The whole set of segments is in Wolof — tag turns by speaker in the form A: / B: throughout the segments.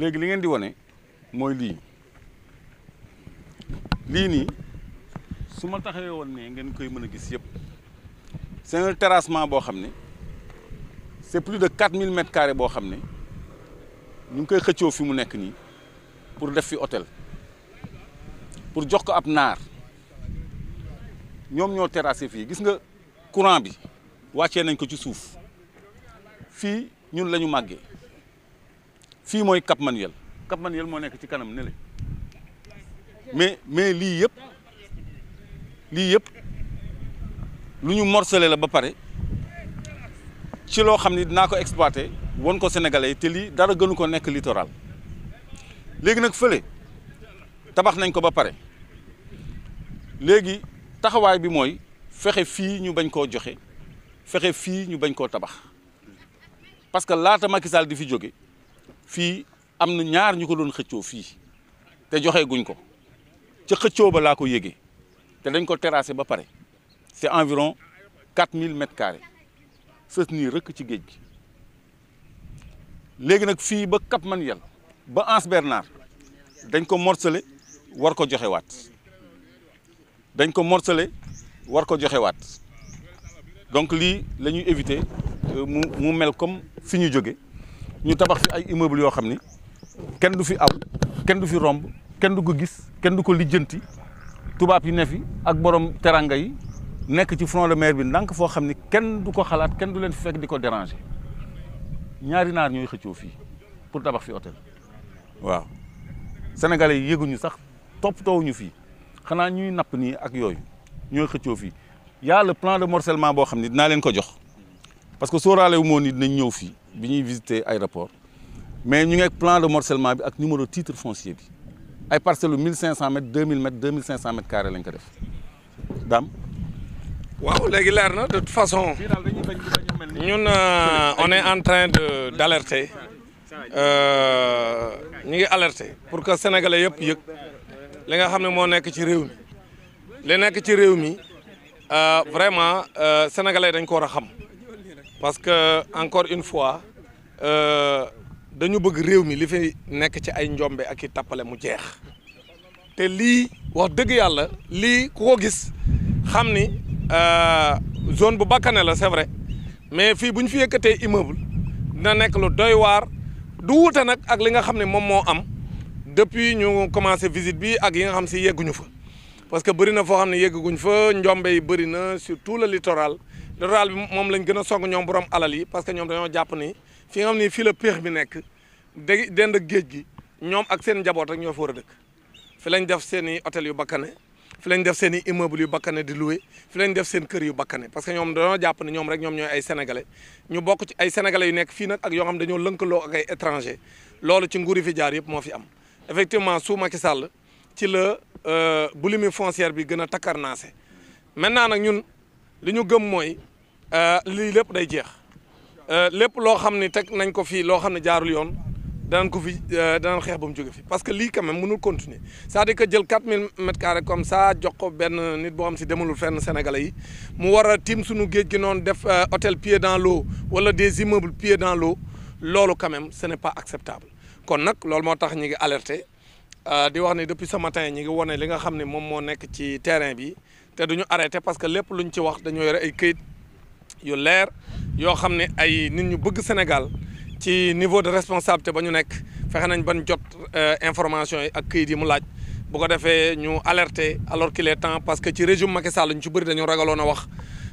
A: léegi li ngeen di wane mooy lii lii nii su ma taxawee woon ne ngeen koy mën a gis yëpp c'est un boo xam ne c'est plus de 4000 mètres carrés boo xam ne ñu ngi koy xëccoo fi mu nekk nii pour def fi hôtel pour jox ko ab naar ñoom ñoo terrassé fii gis nga courant bi wàcce nañ ko ci suuf fii ñun lañu ñu màggee fii mooy Cap Manuel Cap Manuel moo nekk ci kanam nele mais mais lii yëpp lii yëpp lu ñu morcelé la ba pare ci loo xam ni dinaa ko exploité won ko sénégalais te lii dara gënu ko nekk littoral léegi nag fële tabax nañ ko ba pare léegi taxawaay bi mooy fexe fii ñu bañ koo joxe fexe fii ñu bañ koo tabax parce que laata Macky Sall di fi jóge fii am na ñaar ñu ko doon xëccoo fii te joxe guñ ko ci xëccoo ba laa ko yëgee te dañ ko terrassé ba pare c'est environ quatre mille mètres carrés sës nii rëkk ci géej gi léegi nag fii ba Cap Manuel ba Anse Bernard dañ ko morcelé war ko joxe waat dañ ko morcelé war ko joxe waat donc lii la ñuy euh, mu mu mel comme fi ñu jóge ñu tabax fi ay immeuble yoo xam ni kenn du fi aw kenn du fi romb kenn du ko gis kenn du ko lijjanti tubaab yi ne fi ak borom teranga yi nekk ci front de mer bi ndànk foo xam ni kenn du ko xalaat kenn du leen fi fekk di ko déranger ñaari naar ñooy xëccoo fii pour tabax fi hôtel waaw sénégalais yi yëguñu sax toppatoowuñu fii xanaa ñuy napp nii ak yooyu ñooy xëccoo fii y a le plan de morcellement boo xam ni dinaa leen ko jox parce que sóoraale wu moo ni dinañ ñëw fii bi ñuy visiter aéroport mais ñu ngi plan de morcellement bi ak numéro titre foncier bi ay parcelles yu 1500 mètres 2000 mètres 2500 mètres carrés lañ ko def daam. waaw léegi leer na de toute façon
B: ñun euh, on est en train de d' alerter euh, ñu ngi alerter pour que sénégalais yëpp yëg li nga xam ne moo nekk ci réew mi li nekk ci réew mi euh, vraiment sénégalais dañ ko war a xam. parce que encore une fois euh, dañu bëgg réew mi li fi nekk ci ay njombe ak i tappale mu jeex te lii wax dëgg yàlla lii ku ko gis xam ni euh, zone bu bakkane la c'est vrai mais fii bu ñu fi yëkkatee immeuble dina nekk lu doy waar du wuute nag ak li nga xam ne moom moo am depuis ñu commencé visite bi ak yi nga xam si yegguñu fa parce que bëri na foo xam ne yegguñu fa njombe yi bëri na sur tout le littoral littoral bi moom lañ gën a song ñoom borom alal yi parce que ñoom dañoo jàpp ni fii nga xam ni fii la péex bi nekk dend géej gi ñoom ak seen njaboot rek ñoo fa a dëkk fi lañ def seeni otel yu bakkane fi lañ def seen i immeuble yu bakkane di loué fi lañ def seen kër yu bakkane parce que ñoom dañoo jàpp ne ñoom rek ñoom ñooy ay sénégalais ñu bokk ci ay sénégalais yu nekk fii nag ak yoo xam dañoo lënkaloo ak ay étranger loolu ci nguur yi fi jaar yëpp moo fi am effectivement sous Macky Sall ci la euh, boulimi foncière bi gën a takkarnaase maintenant nag ñun li ñu gëm mooy Euh, lii lépp day jeex euh, lépp loo xam ne teg nañ ko fii loo xam ne jaarul yoon danañ ko fi euh, danañ xeex ba mu jóge fi parce que lii quand même mënul continuer c'est-à-dire que jël 4000 mètres carrés comme ça jox ko benn nit boo xam si demalul fenn Sénégalais yi mu war a tiim suñu géej gi noonu def hôtel pied dans l'eau wala des immeubles pied dans l'eau loolu quand même ce n'est pas acceptable kon nag loolu moo tax ñu ngi alerté di wax ne depuis ce matin ñi ngi wone li nga xam ne moom moo nekk ci terrain bi te duñu arrêté parce que lépp luñ ci wax dañoo yore ay këyit yu leer yoo xam ne ay nit ñu bëgg Sénégal ci niveau de responsabilité ba ñu nekk fexe nañ ba ban jot euh, information yi ak këyit yi mu laaj bu ko defee ñu alerte alors qu'il est temps parce que ci régime Macky Sall ñu ci bëri dañu ragaloon a wax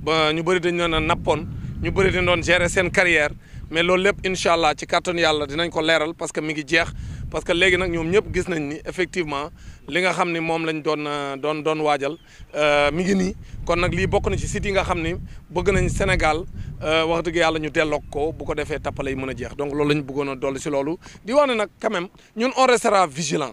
B: ba ñu bëri dañ doon a nappoon ñu bëri dañu doon gérer seen carrière mais lool lépp incha allah ci kàttanu yàlla dinañ ko leeral parce que mi ngi jeex parce que léegi nag ñoom ñëpp gis nañ ni effectivement li nga xam ni moom lañ doon euh, doon doon waajal euh, mi ngi nii kon nag lii bokk na ci sites yi nga xam ni bëgg nañ Sénégal euh, wax dëgg yàlla ñu delloog ko bu ko defee tappale yi mën a jeex donc loolu lañ bëggoon a dolli si loolu di wax ne nag quand même ñun on restera vigilant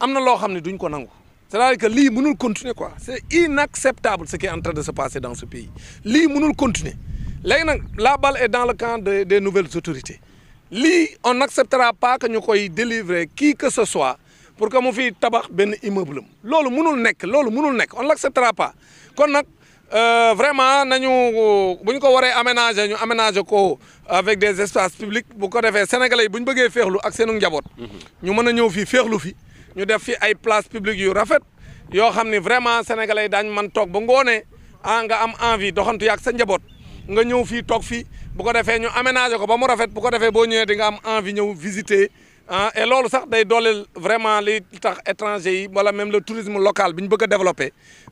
B: am na loo xam ne duñ ko nangu c'est-à-dire lii mënul continuer quoi c'est inacceptable ce qui est en de se passer dans ce pays lii munul continuer léegi nag la balle est le camp des des nouvelles lii on n'acceptera pas que ñu koy délivrer qui que ce soit pour que mu fiy tabax benn immeuble am loolu mënul nekk loolu mënul nekk on l'acceptera pas kon nag euh, vraiment nañu bu ñu ko waree aménager ñu aménager ko avec des espaces publics bu ko defee sénégalais yi bu ñu bëggee féexlu ak seenu njaboot. ñu mën a ñëw fii féexlu fi ñu def fi ay place publiques yu rafet yoo xam ni vraiment sénégalais yi daañu mën toog ba ngoonee a ah, nga am envie doxantu yaak sa njaboot nga ñëw fii toog fii. bu ko defee ñu aménager ko ba mu rafet bu ko defee boo ñëwee di nga am envie ñëw visiter ah, loolu sax day dooleel vraiment li tax étranger yi wala même le tourisme local bi ñu bëgg a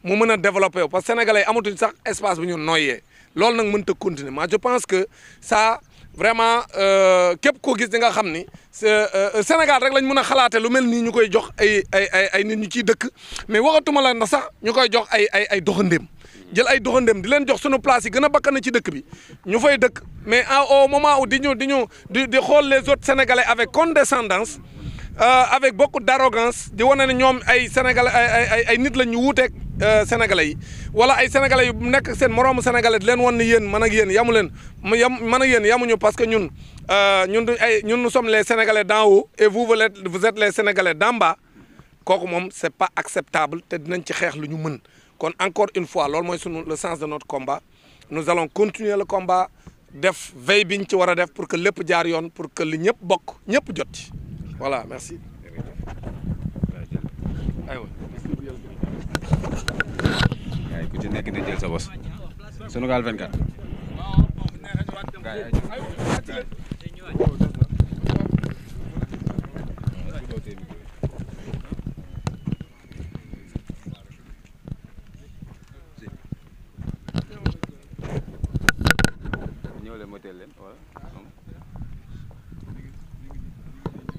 B: mu mën a développer wu parce que sénégalais yi amatuñ sax espace bu ñu noyyee loolu nag mun a continuer mais je pense que ça vraiment euh, képp koo gis di nga xam ni euh, euh, Sénégal rek lañ mën a xalaate lu mel nii ñu koy jox ay ay ay nit ñu ciy dëkk mais waxatuma la sax ñu koy jox ay ay ay jël ay doxandem di leen jox sunu place yi gën a bakkan ci dëkk bi ñu fay dëkk mais au moment où di ñu di ñu di di xool les autres sénégalais avec condescendance euh, avec beaucoup d'arrogance di wane na ñoom ay sénégalais ay nit la ñu wuuteeg euh, sénégalais yi wala ay sénégalais yu nekk seen moroomu sénégalais leen wan ne yéen man ak yéen yamu leen mu yam man ak yéen yamuñu parce que ñun euh, ñun ay ñun nous sommes les sénégalais d'en haut et vous vous êtes les sénégalais d'en bas kooku moom c'est pas acceptable te dinañ ci xeex lu ñu mën. kon encore une fois loolu mooy sunu le sens de notre combat nous allons continuer le combat def veille bi ñu ci war a def pour que lépp jaar yoon pour que li ñëpp bokk ñëpp jot ci voilà merci. aywa
C: nekk na jël sa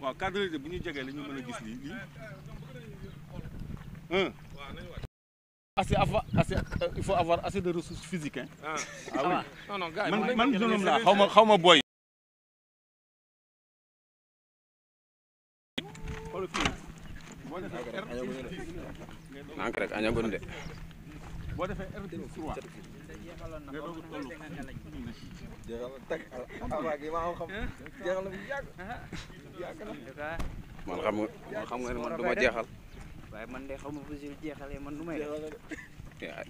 A: waaw cadre bu ñu jegee la ñu mën a gis lii lii assez avoir assez euh, il faut avoir assez de ressources physiques hein. ah, ah, ah non non gars man man zonam xaw ma xaw ma booy. na ko nga lañ jeexal na tag awaag yi maa xam jeexal na
C: bu man xam man xam nga ne man du jeexal waaye man de xaw ma fu jeexal jeexalee man nu may def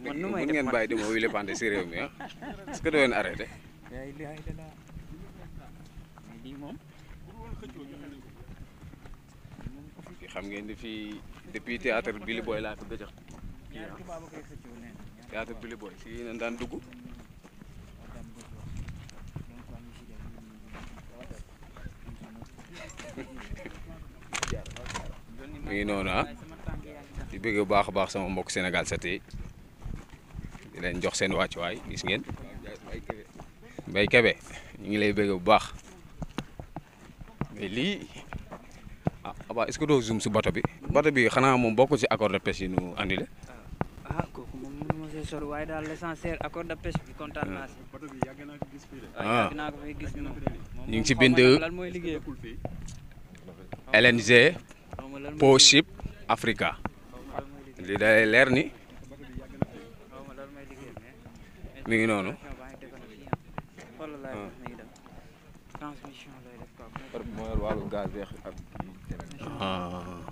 C: man nu may def ngeen bàyyi di ma wile pande si réew mi ah est-ce que doon moom xam ngeen di fi depuis théâtre Billy Boy laa fi gëjëx théâtre Billy Boy si yéen daan dugg mu ngi noonu ah bu baax a baax sama mbokk Sénégal set yi di jox seen wàccuwaay gis ngeen Mbaye Kébé ñu ngi lay bëgg bu baax mais lii ah aba est doo zoom si bato bi bato bi xanaa moom bokk si accord de pêche yi ñu andi si sori waaye daal l'essentiel accord de pêche bi kontaan naa si. ah, ah. ñu ngi si bind LNG Poship Africa li day leer ni mi ngi noonu. ah.